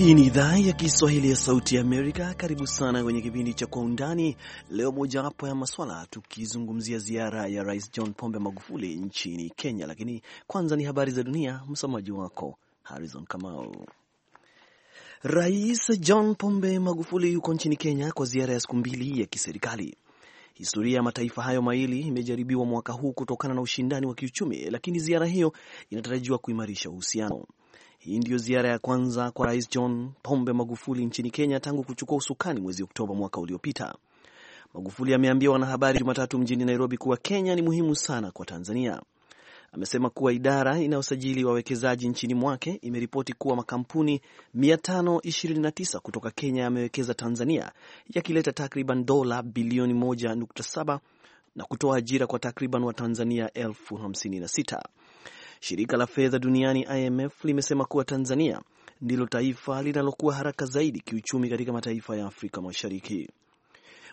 Hii ni idhaa ya Kiswahili ya Sauti ya Amerika. Karibu sana kwenye kipindi cha Kwa Undani. Leo mojawapo ya maswala tukizungumzia ziara ya Rais John Pombe Magufuli nchini Kenya, lakini kwanza ni habari za dunia. Msomaji wako Harrison Kamau. Rais John Pombe Magufuli yuko nchini Kenya kwa ziara ya siku mbili ya kiserikali. Historia ya mataifa hayo mawili imejaribiwa mwaka huu kutokana na ushindani wa kiuchumi, lakini ziara hiyo inatarajiwa kuimarisha uhusiano. Hii ndiyo ziara ya kwanza kwa Rais John Pombe Magufuli nchini Kenya tangu kuchukua usukani mwezi Oktoba mwaka uliopita. Magufuli ameambia wanahabari Jumatatu mjini Nairobi kuwa Kenya ni muhimu sana kwa Tanzania. Amesema kuwa idara inayosajili wawekezaji nchini mwake imeripoti kuwa makampuni 529 kutoka Kenya yamewekeza Tanzania, yakileta takriban dola bilioni 1.7 na kutoa ajira kwa takriban Watanzania elfu 56. Shirika la fedha duniani IMF limesema kuwa Tanzania ndilo taifa linalokuwa haraka zaidi kiuchumi katika mataifa ya Afrika Mashariki.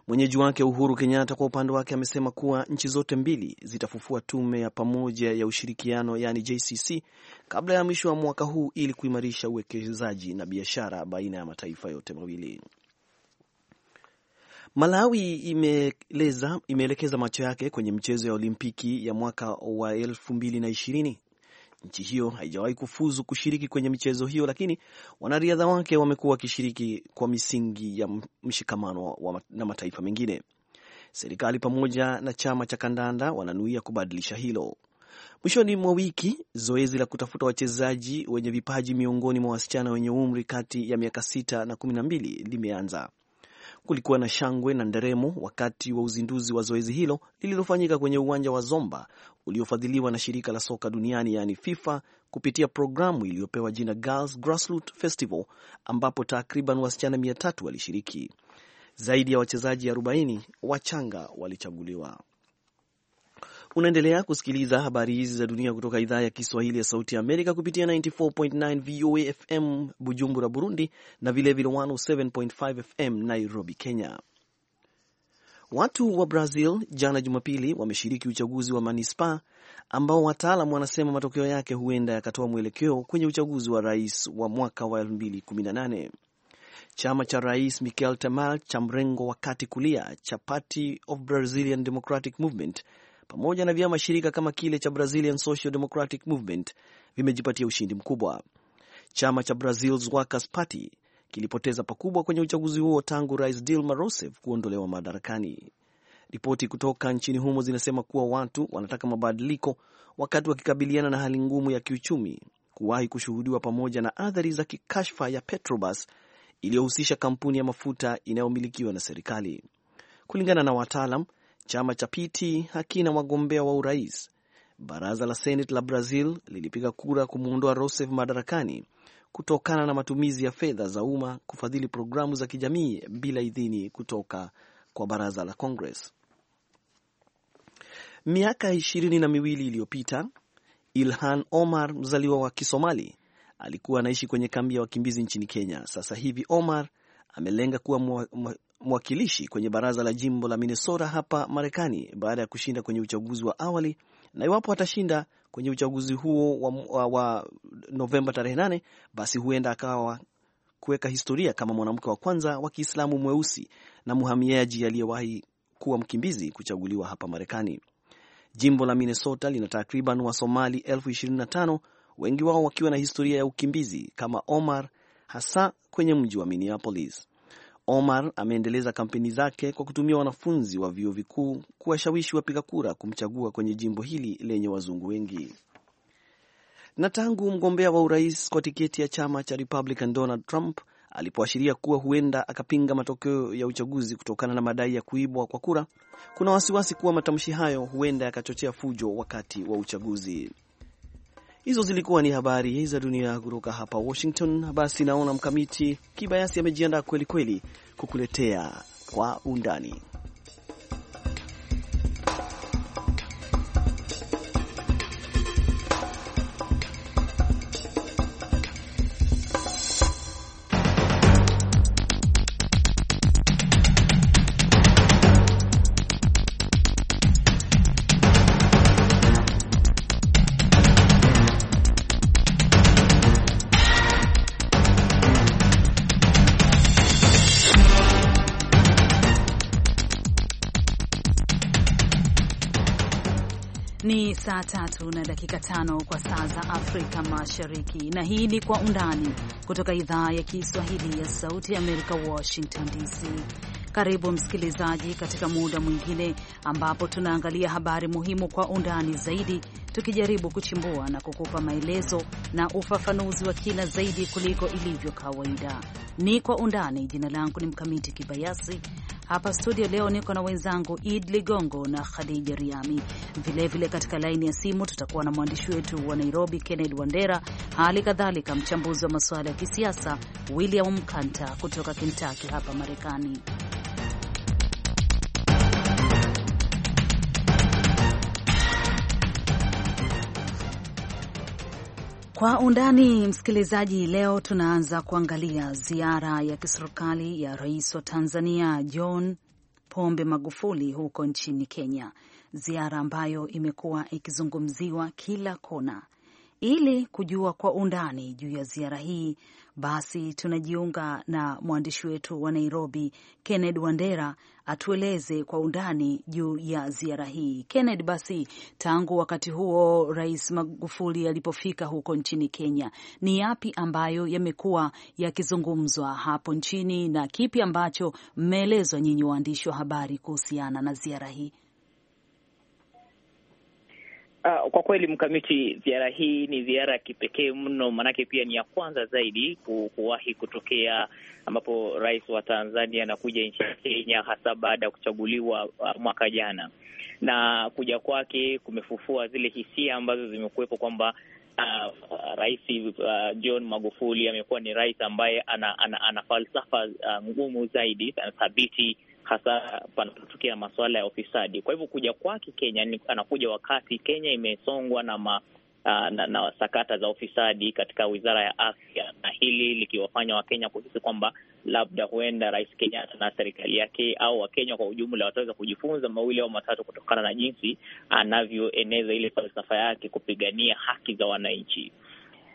Mwenyeji wake Uhuru Kenyatta kwa upande wake amesema kuwa nchi zote mbili zitafufua tume ya pamoja ya ushirikiano yaani JCC kabla ya mwisho wa mwaka huu ili kuimarisha uwekezaji na biashara baina ya mataifa yote mawili. Malawi imeelekeza macho yake kwenye mchezo ya Olimpiki ya mwaka wa elfu mbili na ishirini Nchi hiyo haijawahi kufuzu kushiriki kwenye michezo hiyo, lakini wanariadha wake wamekuwa wakishiriki kwa misingi ya mshikamano na mataifa mengine. Serikali pamoja na chama cha kandanda wananuia kubadilisha hilo. Mwishoni mwa wiki, zoezi la kutafuta wachezaji wenye vipaji miongoni mwa wasichana wenye umri kati ya miaka sita na kumi na mbili limeanza. Kulikuwa na shangwe na nderemo wakati wa uzinduzi wa zoezi hilo lililofanyika kwenye uwanja wa Zomba uliofadhiliwa na shirika la soka duniani yaani FIFA kupitia programu iliyopewa jina Girls Grassroots Festival ambapo takriban wasichana mia tatu walishiriki. Zaidi ya wachezaji 40 wachanga walichaguliwa. Unaendelea kusikiliza habari hizi za dunia kutoka idhaa ya Kiswahili ya Sauti ya Amerika kupitia 94.9 VOA FM Bujumbura, Burundi, na vilevile 107.5 FM Nairobi, Kenya. Watu wa Brazil jana Jumapili wameshiriki uchaguzi wa manispa ambao wataalam wanasema matokeo yake huenda yakatoa mwelekeo kwenye uchaguzi wa rais wa mwaka wa 2018. Chama cha rais Michel Temer cha mrengo wa kati kulia cha Party of Brazilian Democratic Movement pamoja na vyama shirika kama kile cha Brazilian Social Democratic Movement vimejipatia ushindi mkubwa. Chama cha Brazil's Workers Party kilipoteza pakubwa kwenye uchaguzi huo tangu Rais Dilma Rousseff kuondolewa madarakani. Ripoti kutoka nchini humo zinasema kuwa watu wanataka mabadiliko wakati wakikabiliana na hali ngumu ya kiuchumi kuwahi kushuhudiwa pamoja na athari za kikashfa ya Petrobas iliyohusisha kampuni ya mafuta inayomilikiwa na serikali. Kulingana na wataalam, chama cha PT hakina wagombea wa urais. Baraza la Seneti la Brazil lilipiga kura kumwondoa Rousseff madarakani kutokana na matumizi ya fedha za umma kufadhili programu za kijamii bila idhini kutoka kwa baraza la Congress. Miaka ishirini na miwili iliyopita Ilhan Omar, mzaliwa wa Kisomali, alikuwa anaishi kwenye kambi ya wakimbizi nchini Kenya. Sasa hivi Omar amelenga kuwa mwakilishi kwenye baraza la jimbo la Minnesota hapa Marekani baada ya kushinda kwenye uchaguzi wa awali, na iwapo atashinda kwenye uchaguzi huo wa, wa, wa Novemba tarehe nane, basi huenda akawa kuweka historia kama mwanamke wa kwanza wa Kiislamu mweusi na mhamiaji aliyewahi kuwa mkimbizi kuchaguliwa hapa Marekani. Jimbo la Minnesota lina takriban Wasomali elfu 25 wengi wao wakiwa na historia ya ukimbizi kama Omar, hasa kwenye mji wa Minneapolis. Omar ameendeleza kampeni zake kwa kutumia wanafunzi wa vyuo vikuu kuwashawishi wapiga kura kumchagua kwenye jimbo hili lenye wazungu wengi. Na tangu mgombea wa urais kwa tiketi ya chama cha Republican Donald Trump alipoashiria kuwa huenda akapinga matokeo ya uchaguzi kutokana na madai ya kuibwa kwa kura, kuna wasiwasi kuwa matamshi hayo huenda yakachochea fujo wakati wa uchaguzi. Hizo zilikuwa ni habari za dunia kutoka hapa Washington. Basi naona Mkamiti Kibayasi amejiandaa kwelikweli kukuletea kwa undani. saa tatu na dakika tano kwa saa za Afrika Mashariki, na hii ni Kwa Undani kutoka idhaa ya Kiswahili ya Sauti ya Amerika, Washington DC. Karibu msikilizaji, katika muda mwingine ambapo tunaangalia habari muhimu kwa undani zaidi, tukijaribu kuchimbua na kukupa maelezo na ufafanuzi wa kina zaidi kuliko ilivyo kawaida. Ni Kwa Undani. Jina langu ni Mkamiti Kibayasi, hapa studio leo niko na wenzangu Id Ligongo na Khadija Riami. Vilevile katika laini ya simu tutakuwa na mwandishi wetu wa Nairobi, Kenneth Wandera, hali kadhalika mchambuzi wa masuala ya kisiasa William Mkanta kutoka Kentucky hapa Marekani. Kwa undani, msikilizaji, leo tunaanza kuangalia ziara ya kiserikali ya rais wa Tanzania John Pombe Magufuli huko nchini Kenya, ziara ambayo imekuwa ikizungumziwa kila kona. Ili kujua kwa undani juu ya ziara hii, basi tunajiunga na mwandishi wetu wa Nairobi, Kenneth Wandera, atueleze kwa undani juu ya ziara hii. Kenneth, basi tangu wakati huo Rais Magufuli alipofika huko nchini Kenya, ni yapi ambayo yamekuwa yakizungumzwa hapo nchini na kipi ambacho mmeelezwa nyinyi waandishi wa habari kuhusiana na ziara hii? Uh, kwa kweli mkamiti, ziara hii ni ziara ya kipekee mno, maanake pia ni ya kwanza zaidi ku, kuwahi kutokea ambapo rais wa Tanzania anakuja ya Kenya, hasa baada ya kuchaguliwa ah, mwaka jana, na kuja kwake kumefufua zile hisia ambazo zimekuwepo kwamba Uh, Rais uh, John Magufuli amekuwa ni rais ambaye ana, ana, ana falsafa uh, ngumu zaidi, thabiti hasa panapotokea masuala ya ufisadi. Kwa hivyo kuja kwake Kenya ni, anakuja wakati Kenya imesongwa na ma, na, na sakata za ufisadi katika wizara ya afya, na hili likiwafanya Wakenya kuhisi kwamba labda huenda Rais Kenyatta na serikali yake au Wakenya kwa ujumla wataweza kujifunza mawili au matatu kutokana na jinsi anavyoeneza ile falsafa yake kupigania haki za wananchi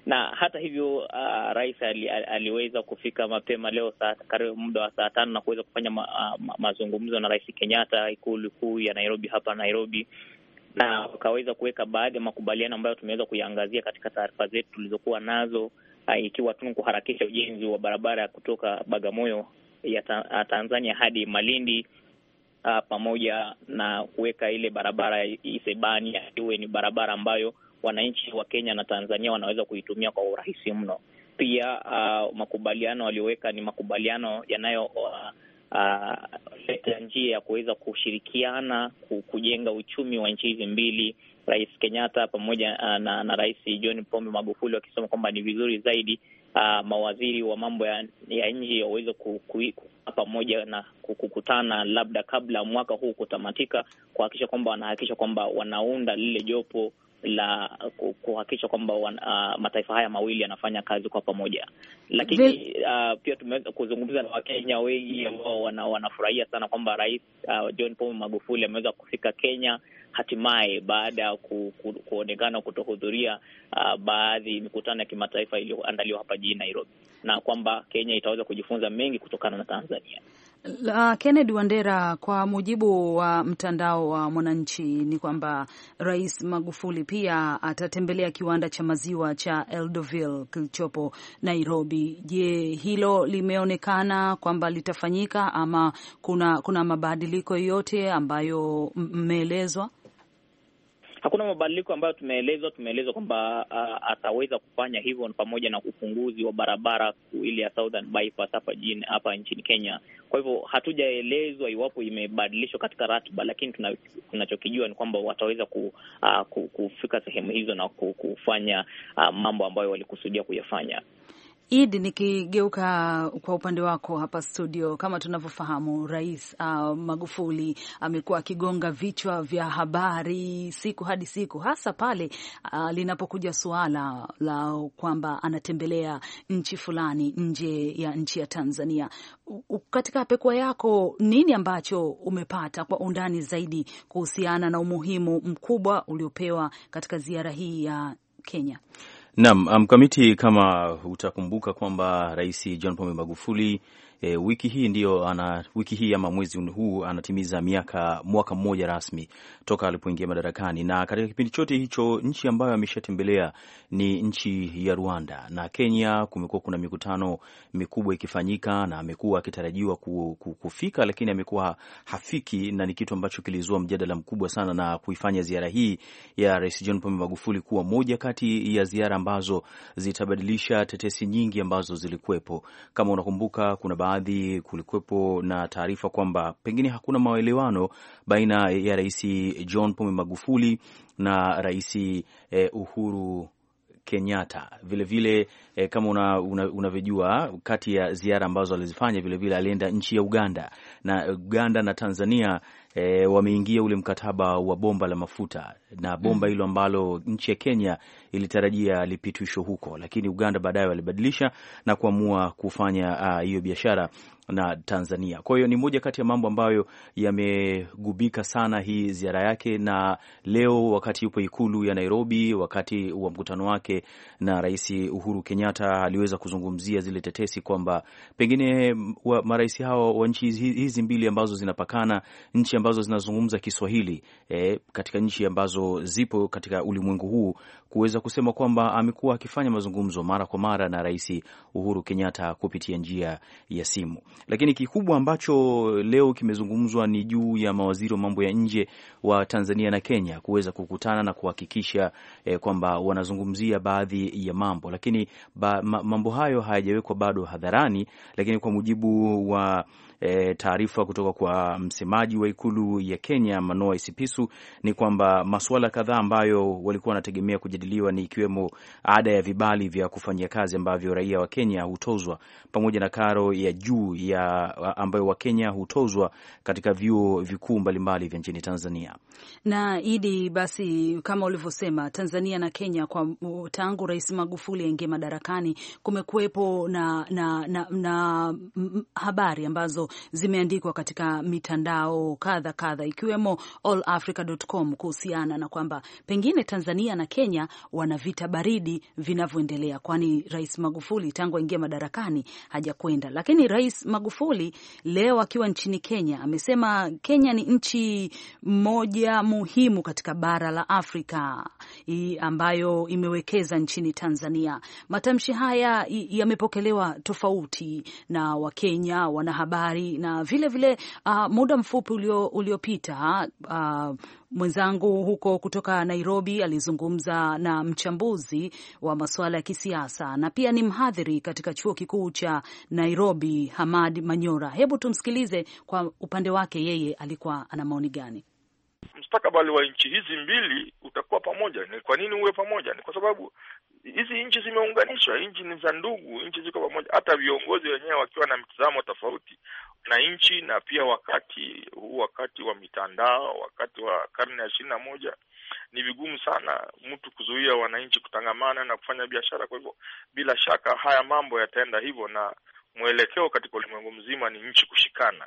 na hata hivyo uh, rais ali, aliweza kufika mapema leo karibu muda wa saa tano na kuweza kufanya ma, uh, ma, mazungumzo na rais Kenyatta ikulu kuu ya Nairobi hapa Nairobi, na wakaweza kuweka baadhi ya makubaliano ambayo tumeweza kuyaangazia katika taarifa zetu tulizokuwa nazo, uh, ikiwa tu kuharakisha ujenzi wa barabara kutoka Bagamoyo ya ta, uh, Tanzania hadi Malindi uh, pamoja na kuweka ile barabara isebani iwe ni barabara ambayo wananchi wa Kenya na Tanzania wanaweza kuitumia kwa urahisi mno. Pia uh, makubaliano walioweka ni makubaliano yanayo uh, uh njia ya kuweza kushirikiana kujenga uchumi wa nchi hizi mbili, Rais Kenyatta pamoja uh, na, na Rais John Pombe Magufuli wakisema kwamba ni vizuri zaidi Uh, mawaziri wa mambo ya, ya nje waweze pamoja na kukutana labda kabla mwaka huu kutamatika, kuhakikisha kwamba wanahakikisha kwamba wanaunda lile jopo la kuhakikisha kwamba uh, mataifa haya mawili yanafanya kazi kwa pamoja, lakini uh, pia tumeweza kuzungumza na Wakenya wengi ambao wana, wanafurahia sana kwamba Rais uh, John Pombe Magufuli ameweza kufika Kenya hatimaye baada ya ku, ku, kuonekana kutohudhuria uh, baadhi mikutano ya kimataifa iliyoandaliwa hapa jijini Nairobi, na kwamba Kenya itaweza kujifunza mengi kutokana na Tanzania. La, Kennedy Wandera, kwa mujibu wa mtandao wa Mwananchi ni kwamba Rais Magufuli pia atatembelea kiwanda cha maziwa cha Eldoville kilichopo Nairobi. Je, hilo limeonekana kwamba litafanyika ama kuna, kuna mabadiliko yoyote ambayo mmeelezwa? Hakuna mabadiliko ambayo tumeelezwa. Tumeelezwa kwamba uh, ataweza kufanya hivyo pamoja na ufunguzi wa barabara ile ya Southern Bypass hapa hapa nchini Kenya. Kwa hivyo hatujaelezwa iwapo imebadilishwa katika ratiba, lakini tunachokijua ni kwamba wataweza ku, uh, kufika sehemu hizo na kufanya uh, mambo ambayo walikusudia kuyafanya. Idi, nikigeuka kwa upande wako hapa studio, kama tunavyofahamu, Rais uh, Magufuli amekuwa akigonga vichwa vya habari siku hadi siku, hasa pale uh, linapokuja suala la kwamba anatembelea nchi fulani nje ya nchi ya Tanzania. U, katika pekua yako, nini ambacho umepata kwa undani zaidi kuhusiana na umuhimu mkubwa uliopewa katika ziara hii ya Kenya? Naam, mkamiti, kama utakumbuka kwamba Rais John Pombe Magufuli e, wiki hii ndio ana wiki hii ama mwezi huu anatimiza miaka mwaka mmoja rasmi toka alipoingia madarakani, na katika kipindi chote hicho nchi ambayo ameshatembelea ni nchi ya Rwanda na Kenya. Kumekuwa kuna mikutano mikubwa ikifanyika na amekuwa akitarajiwa kufika, lakini amekuwa hafiki, na ni kitu ambacho kilizua mjadala mkubwa sana na kuifanya ziara hii ya Rais John Pombe Magufuli kuwa moja kati ya ziara ambazo zitabadilisha tetesi nyingi ambazo zilikuwepo. Kama unakumbuka kuna baadhi kulikuwepo na taarifa kwamba pengine hakuna maelewano baina ya Rais John Pombe Magufuli na Rais eh, Uhuru Kenyatta vilevile eh, kama unavyojua una, una kati ya ziara ambazo alizifanya vilevile alienda nchi ya Uganda na Uganda na Tanzania eh, wameingia ule mkataba wa bomba la mafuta na mm. bomba hilo ambalo nchi ya Kenya ilitarajia lipitishwe huko, lakini Uganda baadaye walibadilisha na kuamua kufanya uh, hiyo uh, biashara na Tanzania. Kwa hiyo ni moja kati ya mambo ambayo yamegubika sana hii ziara yake, na leo wakati yupo ikulu ya Nairobi, wakati wa mkutano wake na Rais Uhuru Kenyatta, aliweza kuzungumzia zile tetesi kwamba pengine mm, marais hao wa nchi hizi mbili ambazo zinapakana, nchi ambazo zinazungumza Kiswahili eh, katika nchi ambazo ambazo zipo katika ulimwengu huu kuweza kusema kwamba amekuwa akifanya mazungumzo mara kwa mara na Rais Uhuru Kenyatta kupitia njia ya simu. Lakini kikubwa ambacho leo kimezungumzwa ni juu ya mawaziri wa mambo ya nje wa Tanzania na Kenya kuweza kukutana na kuhakikisha eh, kwamba wanazungumzia baadhi ya mambo, lakini ba, ma, mambo hayo hayajawekwa bado hadharani, lakini kwa mujibu wa E, taarifa kutoka kwa msemaji wa ikulu ya Kenya Manoa Isipisu ni kwamba masuala kadhaa ambayo walikuwa wanategemea kujadili kujadiliwa ni ikiwemo ada ya vibali vya kufanyia kazi ambavyo raia wa Kenya hutozwa pamoja na karo ya juu ya ambayo Wakenya hutozwa katika vyuo vikuu mbalimbali vya nchini Tanzania. Na Idi, basi kama ulivyosema, Tanzania na Kenya kwa tangu Rais Magufuli aingie madarakani kumekuwepo na, na, na, na habari ambazo zimeandikwa katika mitandao kadha kadha ikiwemo allafrica.com kuhusiana na kwamba pengine Tanzania na Kenya wana vita baridi vinavyoendelea, kwani Rais Magufuli tangu aingia madarakani hajakwenda. Lakini Rais Magufuli leo akiwa nchini Kenya amesema Kenya ni nchi moja muhimu katika bara la Afrika I ambayo imewekeza nchini Tanzania. Matamshi haya yamepokelewa tofauti na Wakenya, wanahabari na vilevile vile, uh, muda mfupi uliopita ulio uh, mwenzangu huko kutoka Nairobi alizungumza na mchambuzi wa masuala ya kisiasa na pia ni mhadhiri katika chuo kikuu cha Nairobi, Hamad Manyora. Hebu tumsikilize kwa upande wake, yeye alikuwa ana maoni gani? Mustakabali wa nchi hizi mbili utakuwa pamoja. Ni kwa nini uwe pamoja? Ni kwa sababu hizi nchi zimeunganishwa, nchi ni za ndugu, nchi ziko pamoja. Hata viongozi wenyewe wakiwa na mtizamo tofauti na nchi, na pia wakati huu, wakati wa mitandao, wakati wa karne ya ishirini na moja, ni vigumu sana mtu kuzuia wananchi kutangamana na kufanya biashara. Kwa hivyo, bila shaka haya mambo yataenda hivyo, na mwelekeo katika ulimwengu mzima ni nchi kushikana.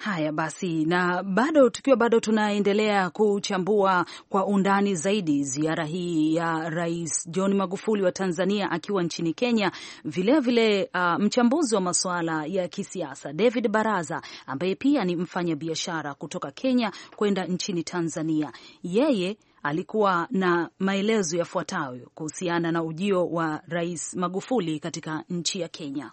Haya basi, na bado tukiwa bado tunaendelea kuchambua kwa undani zaidi ziara hii ya Rais John Magufuli wa Tanzania akiwa nchini Kenya, vilevile uh, mchambuzi wa masuala ya kisiasa David Baraza ambaye pia ni mfanya biashara kutoka Kenya kwenda nchini Tanzania, yeye alikuwa na maelezo yafuatayo kuhusiana na ujio wa Rais Magufuli katika nchi ya Kenya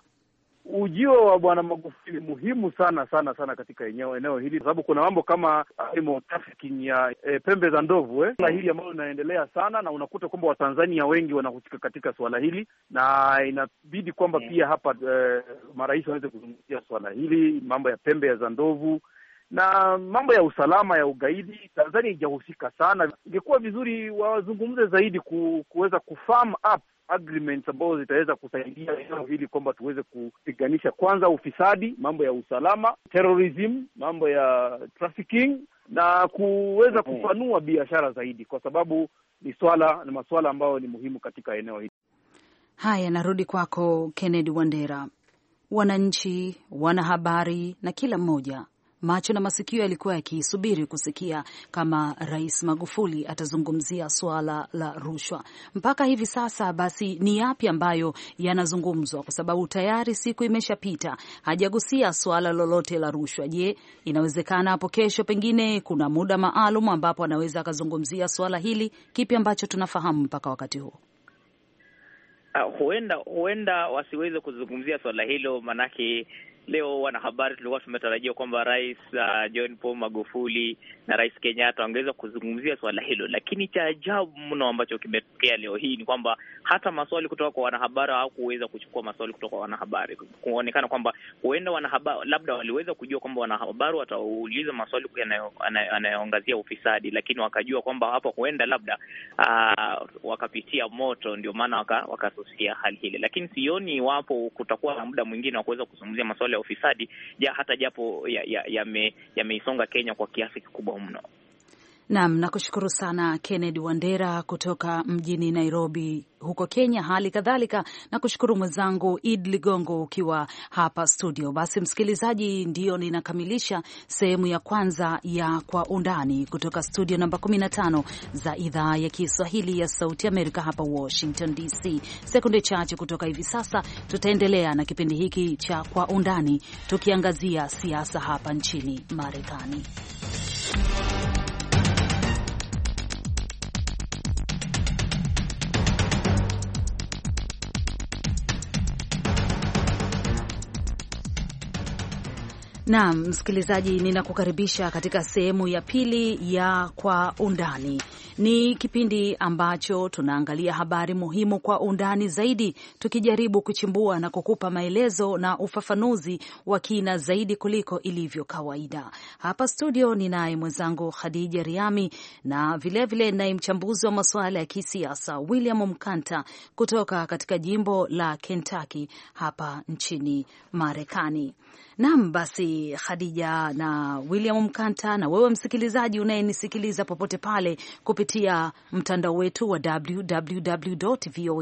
ujio wa Bwana Magufuli muhimu sana sana sana katika eneo eneo hili, kwa sababu kuna mambo kama uh, trafficking ya e, pembe za ndovu eh, na hili ambalo linaendelea sana, na unakuta kwamba Watanzania wengi wanahusika katika suala hili, na inabidi kwamba eh. pia hapa e, marais waweze kuzungumzia suala hili, mambo ya pembe za ndovu na mambo ya usalama ya ugaidi Tanzania ijahusika sana. Ingekuwa vizuri wazungumze zaidi ku, kuweza kufarm up agreements ambazo zitaweza kusaidia eneo hili kwamba tuweze kupiganisha kwanza ufisadi, mambo ya usalama, terrorism, mambo ya trafficking na kuweza mm-hmm. kupanua biashara zaidi, kwa sababu ni swala ni masuala ambayo ni muhimu katika eneo hili. Haya, narudi kwako Kennedy Wandera. Wananchi, wanahabari na kila mmoja Macho na masikio yalikuwa yakisubiri kusikia kama Rais Magufuli atazungumzia suala la rushwa. Mpaka hivi sasa, basi ni yapi ambayo yanazungumzwa? Kwa sababu tayari siku imeshapita, hajagusia suala lolote la rushwa. Je, inawezekana hapo kesho pengine kuna muda maalum ambapo anaweza akazungumzia suala hili? Kipi ambacho tunafahamu mpaka wakati huu? Uh, huenda huenda wasiweze kuzungumzia swala hilo, maanake Leo wanahabari, tulikuwa tumetarajia kwamba rais uh, John Paul Magufuli na rais Kenyatta wangeweza kuzungumzia suala hilo, lakini cha ajabu mno ambacho kimetokea leo hii ni kwamba hata maswali kutoka kwa wanahabari hawakuweza kuchukua maswali kutoka kwa wanahabari, kuonekana kwamba huenda wanahabari labda waliweza kujua kwamba wanahabari watauliza maswali yanayoangazia ufisadi, lakini wakajua kwamba hapo huenda labda uh, wakapitia moto, ndio maana wakasusia waka hali hili, lakini sioni iwapo kutakuwa na muda mwingine wa kuweza kuzungumzia maswali ya ufisadi ja hata japo yameisonga ya, ya Kenya kwa kiasi kikubwa mno. Nam, nakushukuru sana Kennedy Wandera kutoka mjini Nairobi huko Kenya. Hali kadhalika nakushukuru mwenzangu Id Ligongo ukiwa hapa studio. Basi msikilizaji, ndiyo ninakamilisha sehemu ya kwanza ya Kwa Undani kutoka studio namba 15 za idhaa ya Kiswahili ya Sauti Amerika hapa Washington DC. Sekunde chache kutoka hivi sasa tutaendelea na kipindi hiki cha Kwa Undani tukiangazia siasa hapa nchini Marekani. Naam, msikilizaji, ninakukaribisha katika sehemu ya pili ya Kwa Undani. Ni kipindi ambacho tunaangalia habari muhimu kwa undani zaidi, tukijaribu kuchimbua na kukupa maelezo na ufafanuzi wa kina zaidi kuliko ilivyo kawaida. Hapa studio ninaye mwenzangu Khadija Riami na vilevile naye mchambuzi wa masuala ya kisiasa William Mkanta kutoka katika jimbo la Kentucky hapa nchini Marekani. Naam, basi Khadija na William Mkanta, na wewe msikilizaji unayenisikiliza popote pale kupitia mtandao wetu wa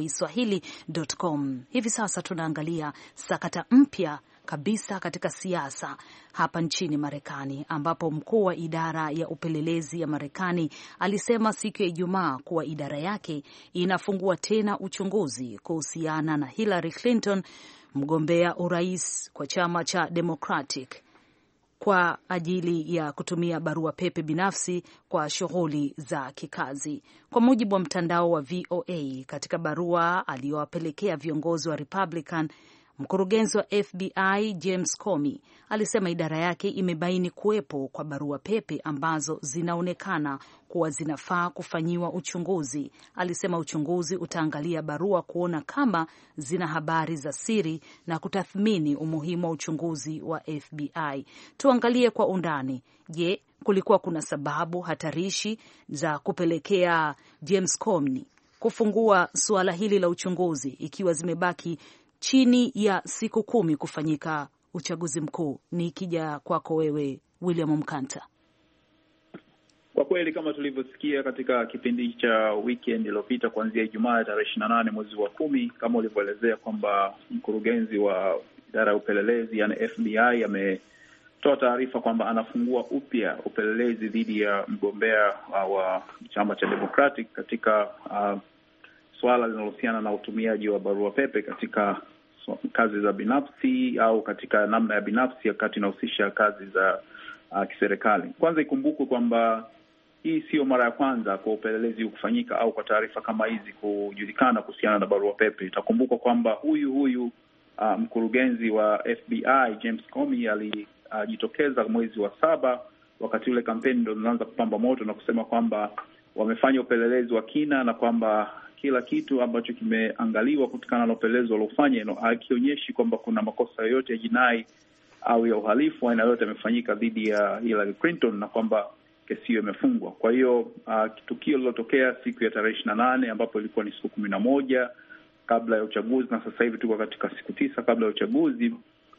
swahilicom hivi sasa tunaangalia sakata mpya kabisa katika siasa hapa nchini Marekani, ambapo mkuu wa idara ya upelelezi ya Marekani alisema siku ya Ijumaa kuwa idara yake inafungua tena uchunguzi kuhusiana na Hillary Clinton mgombea urais kwa chama cha Democratic kwa ajili ya kutumia barua pepe binafsi kwa shughuli za kikazi, kwa mujibu wa mtandao wa VOA. Katika barua aliyowapelekea viongozi wa Republican Mkurugenzi wa FBI James Comey alisema idara yake imebaini kuwepo kwa barua pepe ambazo zinaonekana kuwa zinafaa kufanyiwa uchunguzi. Alisema uchunguzi utaangalia barua kuona kama zina habari za siri na kutathmini umuhimu wa uchunguzi wa FBI. Tuangalie kwa undani. Je, kulikuwa kuna sababu hatarishi za kupelekea James Comey kufungua suala hili la uchunguzi ikiwa zimebaki chini ya siku kumi kufanyika uchaguzi mkuu. Ni ikija kwako wewe William Mkanta. Kwa kweli kama tulivyosikia katika kipindi cha weekend iliyopita kuanzia Ijumaa tarehe ishirini na nane mwezi wa kumi, kama ulivyoelezea kwamba mkurugenzi wa idara ya upelelezi yani FBI ametoa taarifa kwamba anafungua upya upelelezi dhidi ya mgombea uh, wa chama cha Democratic katika uh, swala linalohusiana na utumiaji wa barua pepe katika kazi za binafsi au katika namna ya binafsi wakati inahusisha kazi za uh, kiserikali. Kwanza ikumbukwe kwamba hii siyo mara ya kwanza kwa upelelezi kufanyika au kwa taarifa kama hizi kujulikana kuhusiana na barua pepe. Itakumbukwa kwamba huyu huyu uh, mkurugenzi wa FBI James Comey alijitokeza uh, mwezi wa saba, wakati ule kampeni ndo zinaanza kupamba moto na kusema kwamba wamefanya upelelezi wa kina na kwamba kila kitu ambacho kimeangaliwa kutokana na upelelezi waliofanya hakionyeshi kwamba kuna makosa yoyote ya jinai au ya uhalifu aina yoyote amefanyika dhidi ya Hillary Clinton na kwamba kesi hiyo imefungwa. Kwa hiyo uh, tukio lililotokea siku ya tarehe ishirini na nane ambapo ilikuwa ni siku kumi na moja kabla ya uchaguzi, na sasa hivi tuko katika siku tisa kabla ya uchaguzi,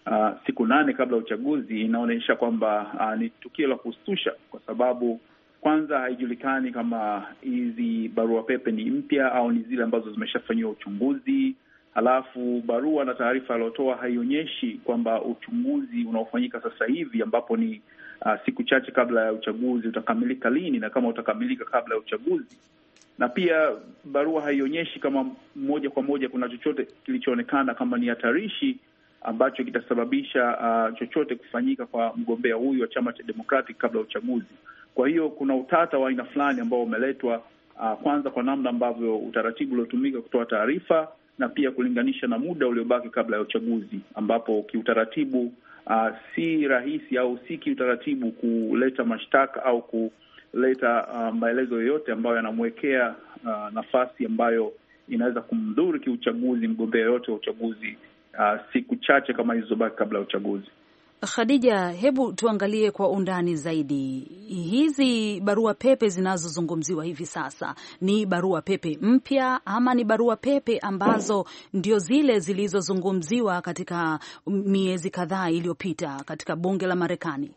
uh, siku nane kabla ya uchaguzi, inaonyesha kwamba uh, ni tukio la kuhustusha kwa sababu kwanza haijulikani kama hizi barua pepe ni mpya au ni zile ambazo zimeshafanyiwa uchunguzi. Halafu barua na taarifa aliyotoa haionyeshi kwamba uchunguzi unaofanyika sasa hivi ambapo ni uh, siku chache kabla ya uchaguzi utakamilika lini na kama utakamilika kabla ya uchaguzi. Na pia barua haionyeshi kama moja kwa moja kuna chochote kilichoonekana kama ni hatarishi ambacho kitasababisha uh, chochote kufanyika kwa mgombea huyu wa chama cha demokrati kabla ya uchaguzi. Kwa hiyo kuna utata wa aina fulani ambao umeletwa uh, kwanza kwa namna ambavyo utaratibu uliotumika kutoa taarifa na pia kulinganisha na muda uliobaki kabla ya uchaguzi, ambapo kiutaratibu uh, si rahisi au si kiutaratibu kuleta mashtaka au kuleta uh, maelezo yoyote ambayo yanamwekea uh, nafasi ambayo inaweza kumdhuri kiuchaguzi mgombea yoyote wa uchaguzi uh, siku chache kama ilizobaki kabla ya uchaguzi. Khadija, hebu tuangalie kwa undani zaidi hizi barua pepe zinazozungumziwa hivi sasa. Ni barua pepe mpya ama ni barua pepe ambazo ndio zile zilizozungumziwa katika miezi kadhaa iliyopita katika bunge la Marekani?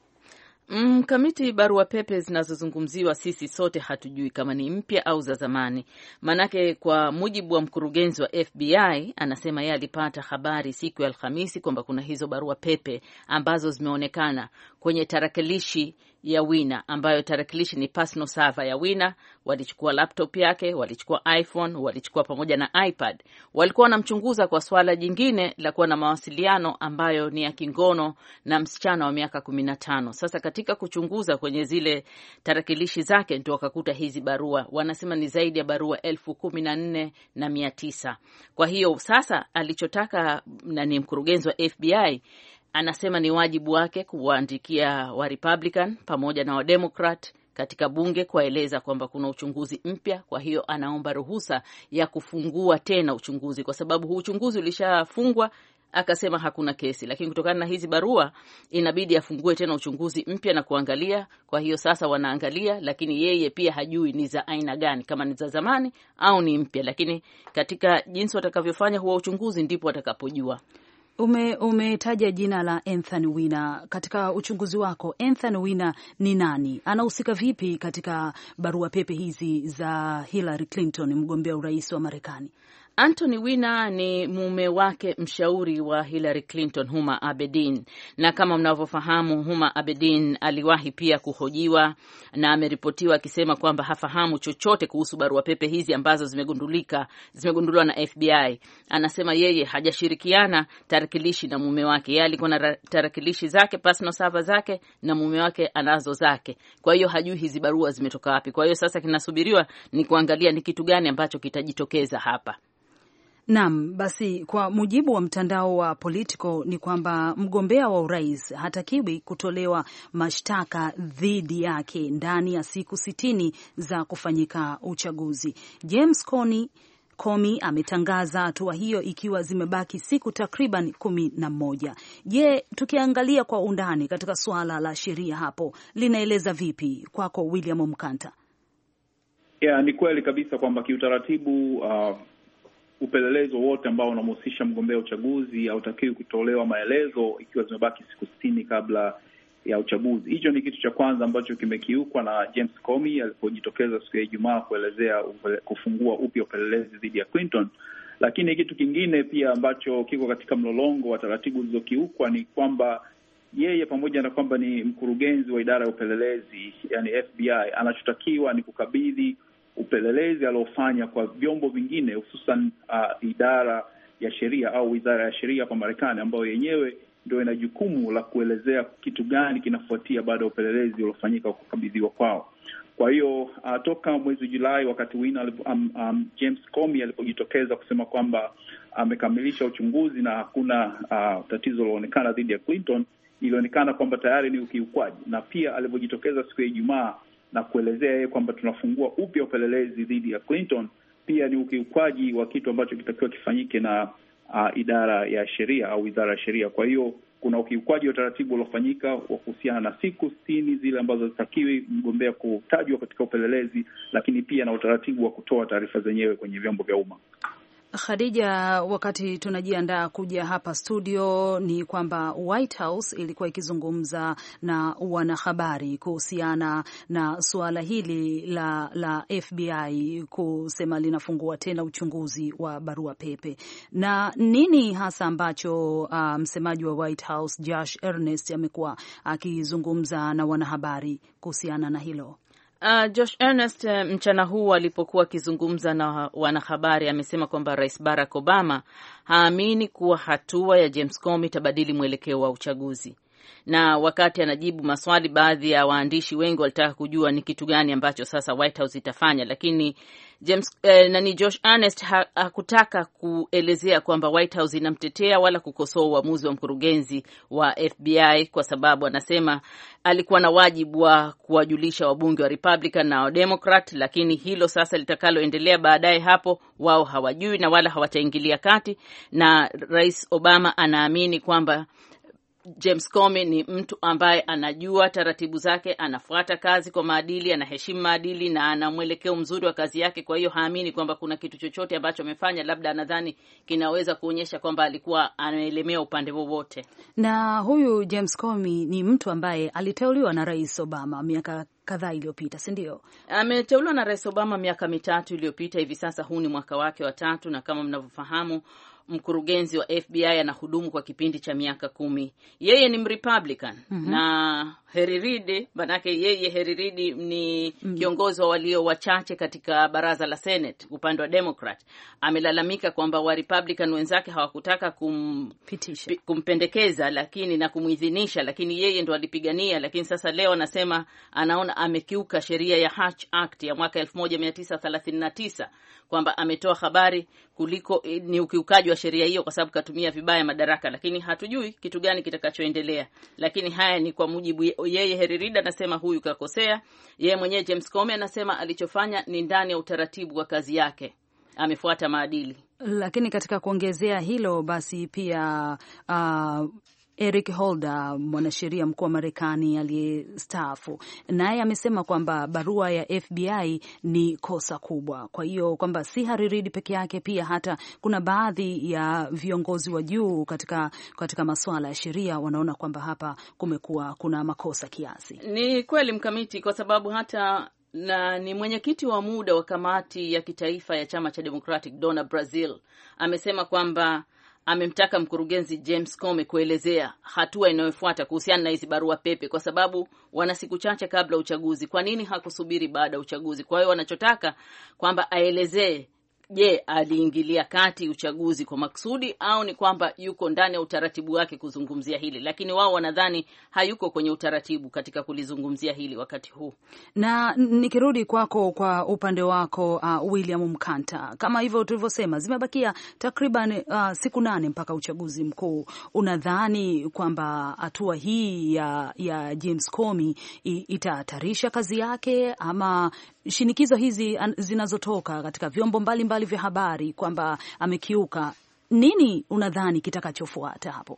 Mkamiti mm, barua pepe zinazozungumziwa sisi sote hatujui kama ni mpya au za zamani, manake kwa mujibu wa mkurugenzi wa FBI anasema yeye alipata habari siku ya Alhamisi kwamba kuna hizo barua pepe ambazo zimeonekana kwenye tarakilishi ya Wina ambayo tarakilishi ni personal server ya Wina. Walichukua laptop yake, walichukua iPhone, walichukua pamoja na iPad. Walikuwa wanamchunguza kwa swala jingine la kuwa na mawasiliano ambayo ni ya kingono na msichana wa miaka kumi na tano. Sasa katika kuchunguza kwenye zile tarakilishi zake ndio wakakuta hizi barua, wanasema ni zaidi ya barua elfu kumi na nne na mia tisa. Kwa hiyo sasa alichotaka na ni mkurugenzi wa FBI anasema ni wajibu wake kuwaandikia wa Republican pamoja na wademokrat katika bunge kuwaeleza kwamba kuna uchunguzi mpya. Kwa hiyo anaomba ruhusa ya kufungua tena uchunguzi, kwa sababu huu uchunguzi ulishafungwa akasema hakuna kesi, lakini kutokana na hizi barua inabidi afungue tena uchunguzi mpya na kuangalia. Kwa hiyo sasa wanaangalia, lakini yeye pia hajui ni za aina gani, kama ni za zamani au ni mpya, lakini katika jinsi watakavyofanya huwa uchunguzi ndipo watakapojua ume, umetaja jina la Anthony Weiner katika uchunguzi wako. Anthony Weiner ni nani? Anahusika vipi katika barua pepe hizi za Hillary Clinton, mgombea urais wa Marekani? Anthony Weiner ni mume wake mshauri wa Hillary Clinton, Huma Abedin, na kama mnavyofahamu, Huma Abedin aliwahi pia kuhojiwa na ameripotiwa akisema kwamba hafahamu chochote kuhusu barua pepe hizi ambazo zimegundulika zimegunduliwa na FBI. Anasema yeye hajashirikiana tarakilishi na mume wake, yeye alikuwa na tarakilishi zake, personal server zake, na mume wake anazo zake. Kwa hiyo hajui hizi barua zimetoka wapi. Kwa hiyo sasa kinasubiriwa ni kuangalia ni kitu gani ambacho kitajitokeza hapa. Naam, basi kwa mujibu wa mtandao wa Politico ni kwamba mgombea wa urais hatakiwi kutolewa mashtaka dhidi yake ndani ya siku sitini za kufanyika uchaguzi. James Kony Komi ametangaza hatua hiyo ikiwa zimebaki siku takriban kumi na moja. Je, tukiangalia kwa undani katika suala la sheria hapo linaeleza vipi kwako, William Mkanta? Yeah, ni kweli kabisa kwamba kiutaratibu uh upelelezi wowote ambao unamhusisha mgombea uchaguzi hautakiwi kutolewa maelezo ikiwa zimebaki siku sitini kabla ya uchaguzi. Hicho ni kitu cha kwanza ambacho kimekiukwa na James Comey alipojitokeza siku ya Ijumaa kuelezea kufungua upya upelelezi dhidi ya Clinton. Lakini kitu kingine pia ambacho kiko katika mlolongo wa taratibu zilizokiukwa ni kwamba yeye pamoja na kwamba ni mkurugenzi wa idara ya upelelezi yani FBI, anachotakiwa ni kukabidhi upelelezi aliofanya kwa vyombo vingine hususan uh, idara ya sheria au wizara ya sheria hapa Marekani ambayo yenyewe ndio ina jukumu la kuelezea kitu gani kinafuatia baada ya upelelezi uliofanyika kukabidhiwa kwao. Kwa hiyo uh, toka mwezi Julai wakati Wina um, um, James Comey alipojitokeza kusema kwamba amekamilisha um, uchunguzi na hakuna uh, tatizo liloonekana dhidi ya Clinton, ilionekana kwamba tayari ni ukiukwaji, na pia alivyojitokeza siku ya Ijumaa na kuelezea yeye kwamba tunafungua upya upelelezi dhidi ya Clinton, pia ni ukiukwaji wa kitu ambacho kitakiwa kifanyike na uh, idara ya sheria au wizara ya sheria. Kwa hiyo kuna ukiukwaji wa taratibu uliofanyika wa kuhusiana na siku sitini zile ambazo hazitakiwi mgombea kutajwa katika upelelezi, lakini pia na utaratibu wa kutoa taarifa zenyewe kwenye vyombo vya umma. Khadija, wakati tunajiandaa kuja hapa studio, ni kwamba White House ilikuwa ikizungumza na wanahabari kuhusiana na suala hili la, la FBI kusema linafungua tena uchunguzi wa barua pepe. Na nini hasa ambacho uh, msemaji wa White House Josh Earnest amekuwa akizungumza na wanahabari kuhusiana na hilo? Uh, Josh Ernest uh, mchana huu alipokuwa akizungumza na wanahabari amesema kwamba Rais Barack Obama haamini kuwa hatua ya James Comey itabadili mwelekeo wa uchaguzi. Na wakati anajibu maswali, baadhi ya waandishi wengi walitaka kujua ni kitu gani ambacho sasa White House itafanya, lakini James eh, nani Josh hakutaka ha, hakutaka kuelezea kwamba White House inamtetea wala kukosoa uamuzi wa mkurugenzi wa FBI kwa sababu anasema alikuwa na wajibu wa kuwajulisha wabunge wa Republican na wa Democrat, lakini hilo sasa litakaloendelea baadaye hapo wao hawajui na wala hawataingilia kati, na Rais Obama anaamini kwamba James Comey ni mtu ambaye anajua taratibu zake, anafuata kazi kwa maadili, anaheshimu maadili na ana mwelekeo mzuri wa kazi yake. Kwa hiyo haamini kwamba kuna kitu chochote ambacho amefanya labda anadhani kinaweza kuonyesha kwamba alikuwa anaelemea upande wowote. Na huyu James Comey ni mtu ambaye aliteuliwa na Rais Obama miaka kadhaa iliyopita, si ndio? Ameteuliwa na Rais Obama miaka mitatu iliyopita. Hivi sasa huu ni mwaka wake wa tatu, na kama mnavyofahamu mkurugenzi wa FBI anahudumu kwa kipindi cha miaka kumi. Yeye ni Mrepublican mm -hmm. na Harry Reid manake yeye Harry Reid ni mm -hmm. kiongozi wa walio wachache katika baraza la Senate upande wa Democrat. Amelalamika kwamba wa Republican wenzake hawakutaka kum, kumpendekeza lakini na kumwidhinisha, lakini yeye ndo alipigania. Lakini sasa leo anasema anaona amekiuka sheria ya Hatch Act ya mwaka 1939 kwamba ametoa habari kuliko eh, ni ukiukaji wa sheria hiyo kwa sababu katumia vibaya madaraka, lakini hatujui kitu gani kitakachoendelea. Lakini haya ni kwa mujibu yeye, Heririda anasema huyu kakosea. Yeye mwenyewe James Comey anasema alichofanya ni ndani ya utaratibu wa kazi yake, amefuata maadili. Lakini katika kuongezea hilo basi pia uh, Eric Holder, mwanasheria mkuu wa Marekani aliyestaafu, naye amesema kwamba barua ya FBI ni kosa kubwa. Kwa hiyo kwamba si Harry Reid peke yake, pia hata kuna baadhi ya viongozi wa juu katika, katika masuala ya sheria wanaona kwamba hapa kumekuwa kuna makosa kiasi. Ni kweli mkamiti, kwa sababu hata na ni mwenyekiti wa muda wa kamati ya kitaifa ya chama cha Democratic Dona Brazil amesema kwamba amemtaka mkurugenzi James Comey kuelezea hatua inayofuata kuhusiana na hizi barua pepe, kwa sababu wana siku chache kabla uchaguzi. Kwa nini hakusubiri baada ya uchaguzi? Kwa hiyo wanachotaka kwamba aelezee Je, aliingilia kati uchaguzi kwa maksudi au ni kwamba yuko ndani ya utaratibu wake kuzungumzia hili? Lakini wao wanadhani hayuko kwenye utaratibu katika kulizungumzia hili wakati huu. Na nikirudi kwako kwa upande wako uh, William Mkanta, kama hivyo tulivyosema, zimebakia takriban uh, siku nane mpaka uchaguzi mkuu. Unadhani kwamba hatua hii ya, ya James Comey itahatarisha kazi yake ama shinikizo hizi zinazotoka katika vyombo mbalimbali vya habari kwamba amekiuka, nini unadhani kitakachofuata hapo?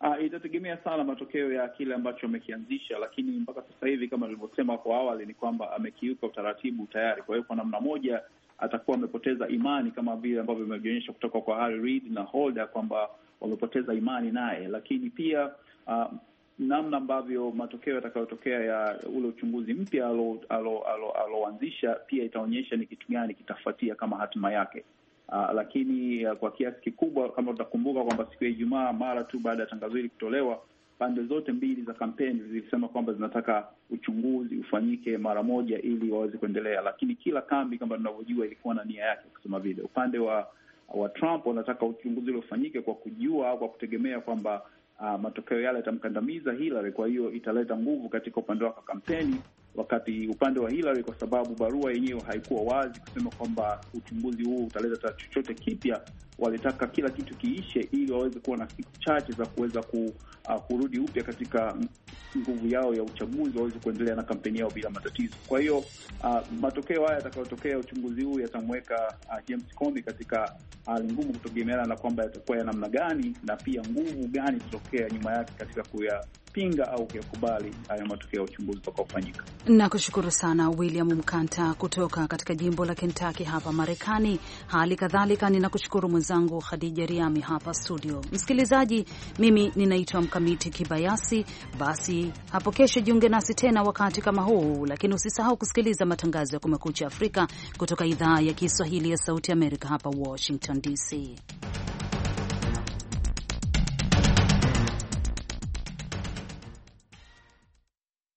Uh, itategemea sana matokeo ya kile ambacho amekianzisha, lakini mpaka sasa hivi kama nilivyosema hapo awali ni kwamba amekiuka utaratibu tayari. Kwa hiyo kwa namna moja atakuwa amepoteza imani kama vile ambavyo imevyoonyesha kutoka kwa Harry Reid na Holder kwamba wamepoteza imani naye, lakini pia uh, namna ambavyo matokeo yatakayotokea ya ule uchunguzi mpya aloanzisha pia itaonyesha ni kitu gani kitafuatia kama hatima yake. Uh, lakini uh, kwa kiasi kikubwa kama tutakumbuka kwamba siku ya Ijumaa mara tu baada ya tangazo hili kutolewa, pande zote mbili za kampeni zilisema kwamba zinataka uchunguzi ufanyike mara moja ili waweze kuendelea, lakini kila kambi kama tunavyojua ilikuwa na nia yake. Kusema vile upande wa wa Trump wanataka uchunguzi ule ufanyike kwa kujua au kwa kutegemea kwamba Ah, matokeo yale yatamkandamiza Hillary, kwa hiyo italeta nguvu katika upande wake wa kampeni wakati upande wa Hillary, kwa sababu barua yenyewe haikuwa wazi kusema kwamba uchunguzi huu utaleta chochote kipya. Walitaka kila kitu kiishe ili waweze kuwa na siku chache za kuweza ku, uh, kurudi upya katika nguvu yao ya uchaguzi, waweze kuendelea na kampeni yao bila matatizo. Kwa hiyo uh, matokeo haya yatakayotokea uchunguzi huu yatamweka uh, James Comey katika hali uh, ngumu, kutegemeana na kwamba yatakuwa ya namna gani na pia nguvu gani itatokea nyuma yake katika kuya kupinga au kuyakubali haya matokeo ya uchunguzi utakaofanyika. Nakushukuru sana William Mkanta kutoka katika jimbo la Kentaki hapa Marekani. Hali kadhalika ninakushukuru mwenzangu Khadija Riami hapa studio. Msikilizaji, mimi ninaitwa Mkamiti Kibayasi. Basi hapo kesho jiunge nasi tena wakati kama huu, lakini usisahau kusikiliza matangazo ya Kumekucha Afrika kutoka idhaa ya Kiswahili ya Sauti Amerika hapa Washington DC.